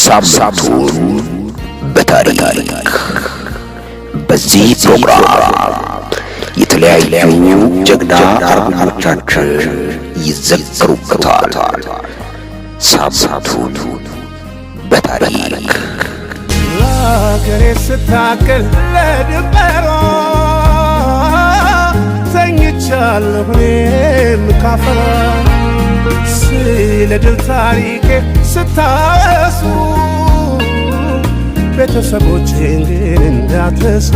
ሳምንቱን በታሪክ በዚህ ፕሮግራም የተለያዩ ጀግና አርበኞቻችን ይዘከሩበታል። ሳምንቱን በታሪክ ለአገሬ ስታገል ለድንበሯ ተኝቻለሁ እኔም ካፈራ ስለ ድል ታሪኬ ስታወሱ ቤተሰቦቼን ግን እንዳትረሱ።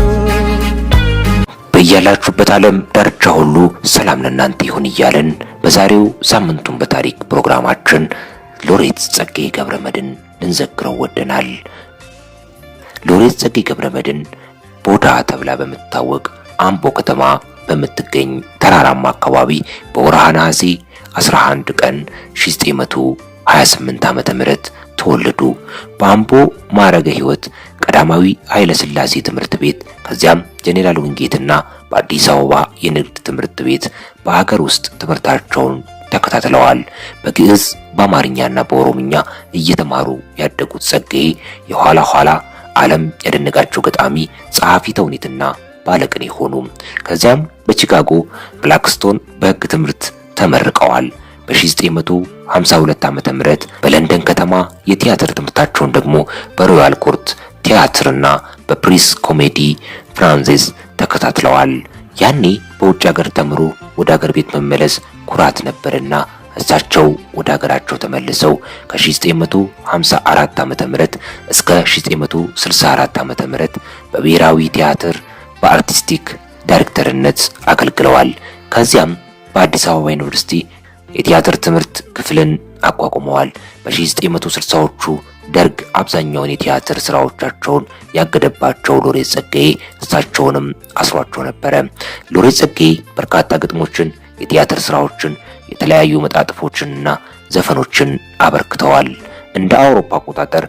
በያላችሁበት ዓለም ዳርቻ ሁሉ ሰላም ለእናንተ ይሁን እያልን በዛሬው ሳምንቱን በታሪክ ፕሮግራማችን ሎሬት ጸጋዬ መድን ልንዘክረው ወደናል። ሎሬት ጸጋዬ መድን ቦዳ ተብላ በምትታወቅ አምቦ ከተማ በምትገኝ ተራራማ አካባቢ በወርሃ ነሐሴ 11 ቀን 928 ዓ.ም ምህረት ተወለዱ። በአምቦ ማዕረገ ሕይወት ቀዳማዊ ኃይለ ሥላሴ ትምህርት ቤት ከዚያም ጄኔራል ውንጌትና በአዲስ አበባ የንግድ ትምህርት ቤት በሀገር ውስጥ ትምህርታቸውን ተከታትለዋል። በግዕዝ በአማርኛና በኦሮምኛ እየተማሩ ያደጉት ጸጋዬ የኋላ ኋላ ዓለም ያደነቃቸው ገጣሚ፣ ጸሐፊ ተውኔትና ባለቅኔ ሆኑ። ከዚያም በቺካጎ ብላክስቶን በሕግ ትምህርት ተመርቀዋል። በ1952 ዓመተ ምህረት በለንደን ከተማ የቲያትር ትምህርታቸውን ደግሞ በሮያል ኮርት ቲያትርና በፕሪስ ኮሜዲ ፍራንሴዝ ተከታትለዋል። ያኔ በውጭ ሀገር ተምሮ ወደ ሀገር ቤት መመለስ ኩራት ነበርና እሳቸው ወደ ሀገራቸው ተመልሰው ከ1954 ዓ ም እስከ 1964 ዓ ም በብሔራዊ ቲያትር በአርቲስቲክ ዳይሬክተርነት አገልግለዋል። ከዚያም በአዲስ አበባ ዩኒቨርሲቲ የቲያትር ትምህርት ክፍልን አቋቁመዋል። በ1960ዎቹ ደርግ አብዛኛውን የቲያትር ስራዎቻቸውን ያገደባቸው ሎሬት ጸጋዬ እሳቸውንም አስሯቸው ነበረ። ሎሬት ጸጋዬ በርካታ ግጥሞችን፣ የቲያትር ስራዎችን፣ የተለያዩ መጣጥፎችንና ዘፈኖችን አበርክተዋል። እንደ አውሮፓ አቆጣጠር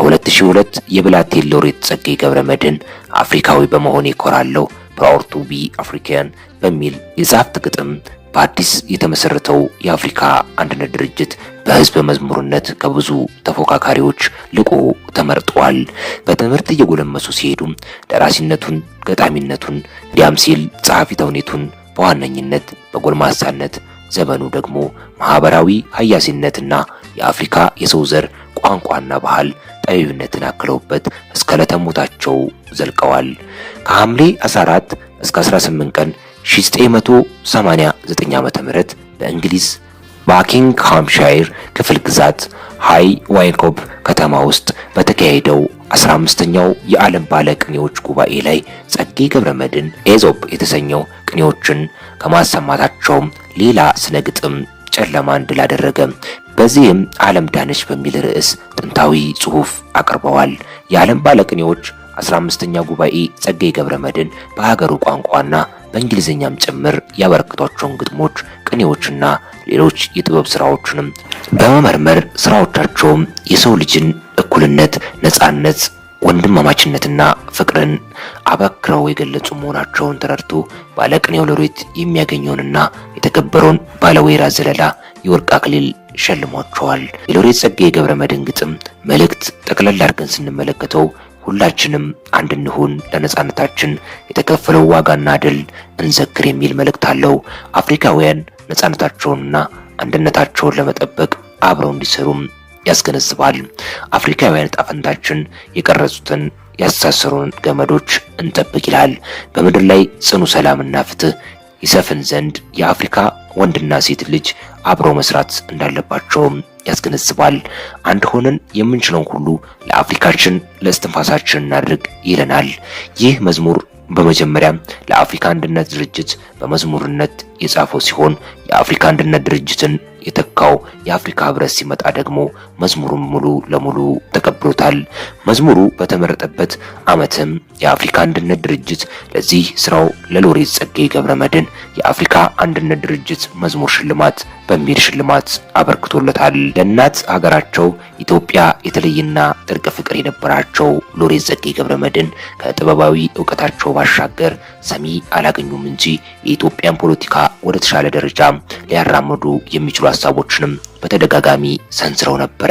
በ2002 የብላቴን ሎሬት ጸጋዬ ገብረ መድኅን አፍሪካዊ በመሆን ይኮራለሁ ፕራውድ ቱ ቢ አፍሪካን በሚል የጻፉት ግጥም በአዲስ የተመሰረተው የአፍሪካ አንድነት ድርጅት በህዝብ መዝሙርነት ከብዙ ተፎካካሪዎች ልቆ ተመርጧል። በትምህርት እየጎለመሱ ሲሄዱም ደራሲነቱን፣ ገጣሚነቱን እንዲያም ሲል ጸሐፊ ተውኔቱን በዋነኝነት በጎልማሳነት ዘመኑ ደግሞ ማህበራዊ ሀያሲነትና የአፍሪካ የሰው ዘር ቋንቋና ባህል ጠቢብነትን አክለውበት እስከ ለተሞታቸው ዘልቀዋል። ከሐምሌ 14 እስከ 18 ቀን 1989 ዓ.ም በእንግሊዝ በኪንግሃምሻይር ክፍል ግዛት ሃይ ዋይኮፕ ከተማ ውስጥ በተካሄደው 15ኛው የዓለም ባለ ቅኔዎች ጉባኤ ላይ ጸጌ መድን ኤዞፕ የተሰኘው ቅኔዎችን ከማሰማታቸውም ሌላ ስነ ግጥም ጨለማ ድል አደረገ። በዚህም ዓለም ዳነች በሚል ርዕስ ጥንታዊ ጽሑፍ አቅርበዋል። የዓለም ባለቅኔዎች 15ኛ ጉባኤ ጸጋዬ መድን በሀገሩ ቋንቋና በእንግሊዝኛም ጭምር ያበረከቷቸውን ግጥሞች፣ ቅኔዎችና ሌሎች የጥበብ ስራዎችንም በመመርመር ስራዎቻቸውም የሰው ልጅን እኩልነት፣ ነጻነት ወንድማማችነትና ፍቅርን አበክረው የገለጹ መሆናቸውን ተረድቶ ባለቅኔው ሎሬት የሚያገኘውንና የተከበረውን ባለወይራ ዘለላ የወርቅ አክሊል ሸልሟቸዋል። የሎሬት ጸጋዬ ገብረ መድኅን ግጥም መልእክት ጠቅለል አድርገን ስንመለከተው ሁላችንም አንድ እንሁን፣ ለነጻነታችን የተከፈለው ዋጋና ድል እንዘክር የሚል መልእክት አለው። አፍሪካውያን ነጻነታቸውንና አንድነታቸውን ለመጠበቅ አብረው እንዲሰሩም ያስገነዝባል። አፍሪካውያን ጣፈንታችን የቀረጹትን ያሳሰሩን ገመዶች እንጠብቅ ይላል። በምድር ላይ ጽኑ ሰላምና ፍትህ ይሰፍን ዘንድ የአፍሪካ ወንድና ሴት ልጅ አብሮ መስራት እንዳለባቸውም ያስገነዝባል። አንድ ሆነን የምንችለውን ሁሉ ለአፍሪካችን ለእስትንፋሳችን እናድርግ ይለናል። ይህ መዝሙር በመጀመሪያ ለአፍሪካ አንድነት ድርጅት በመዝሙርነት የጻፈው ሲሆን የአፍሪካ አንድነት ድርጅትን የተካው የአፍሪካ ህብረት ሲመጣ ደግሞ መዝሙሩን ሙሉ ለሙሉ ተቀብሎታል። መዝሙሩ በተመረጠበት ዓመትም የአፍሪካ አንድነት ድርጅት ለዚህ ስራው ለሎሬት ጸጋዬ ገብረመድህን የአፍሪካ አንድነት ድርጅት መዝሙር ሽልማት በሚል ሽልማት አበርክቶለታል። ለእናት ሀገራቸው ኢትዮጵያ የተለየና ጥልቅ ፍቅር የነበራቸው ሎሬት ጸጋዬ መድን ከጥበባዊ እውቀታቸው ባሻገር ሰሚ አላገኙም እንጂ የኢትዮጵያን ፖለቲካ ወደ ተሻለ ደረጃ ሊያራምዱ የሚችሉ ሀሳቦችንም በተደጋጋሚ ሰንዝረው ነበረ።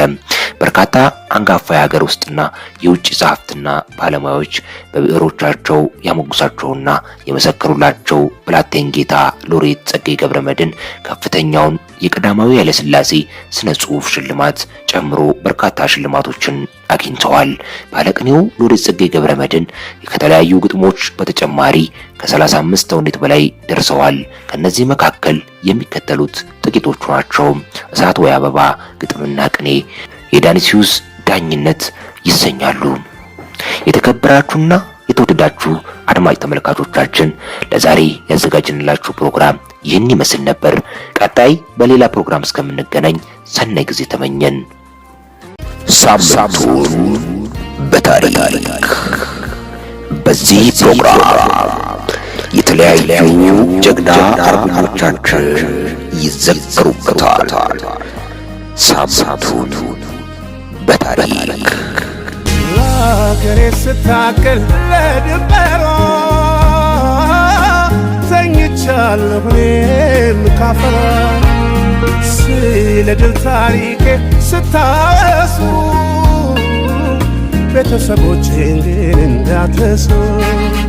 በርካታ አንጋፋ የሀገር ውስጥና የውጭ ጸሐፍትና ባለሙያዎች በብዕሮቻቸው ያሞግሳቸውና የመሰከሩላቸው ብላቴን ጌታ ሎሬት ጸጋዬ ገብረ መድኅን ከፍተኛውን የቀዳማዊ ኃይለሥላሴ ስነ ጽሑፍ ሽልማት ጨምሮ በርካታ ሽልማቶችን አግኝተዋል። ባለቅኔው ሎሬት ጸጋዬ ገብረ መድኅን ከተለያዩ ግጥሞች በተጨማሪ ከ35 ተውኔት በላይ ደርሰዋል። ከነዚህ መካከል የሚከተሉት ናቸው። እሳት ወይ አበባ፣ ግጥምና ቅኔ፣ የዳንሲዩስ ዳኝነት ይሰኛሉ። የተከበራችሁና የተወደዳችሁ አድማጭ ተመልካቾቻችን ለዛሬ ያዘጋጀንላችሁ ፕሮግራም ይህን ይመስል ነበር። ቀጣይ በሌላ ፕሮግራም እስከምንገናኝ ሰናይ ጊዜ ተመኘን። ሳምንቱን በታሪክ በዚህ ፕሮግራም የተለያዩ ጀግና አርበኞቻችን ይዘከሩበታል። ሳምንቱን በታሪክ ለአገሬ ስታገል ለድንበሯ ተኝቻለሁ እኔም ካፈራ ስለ ድል ታሪኬ ስታወሱ ቤተሰቦቼን ግን እንዳትረሱ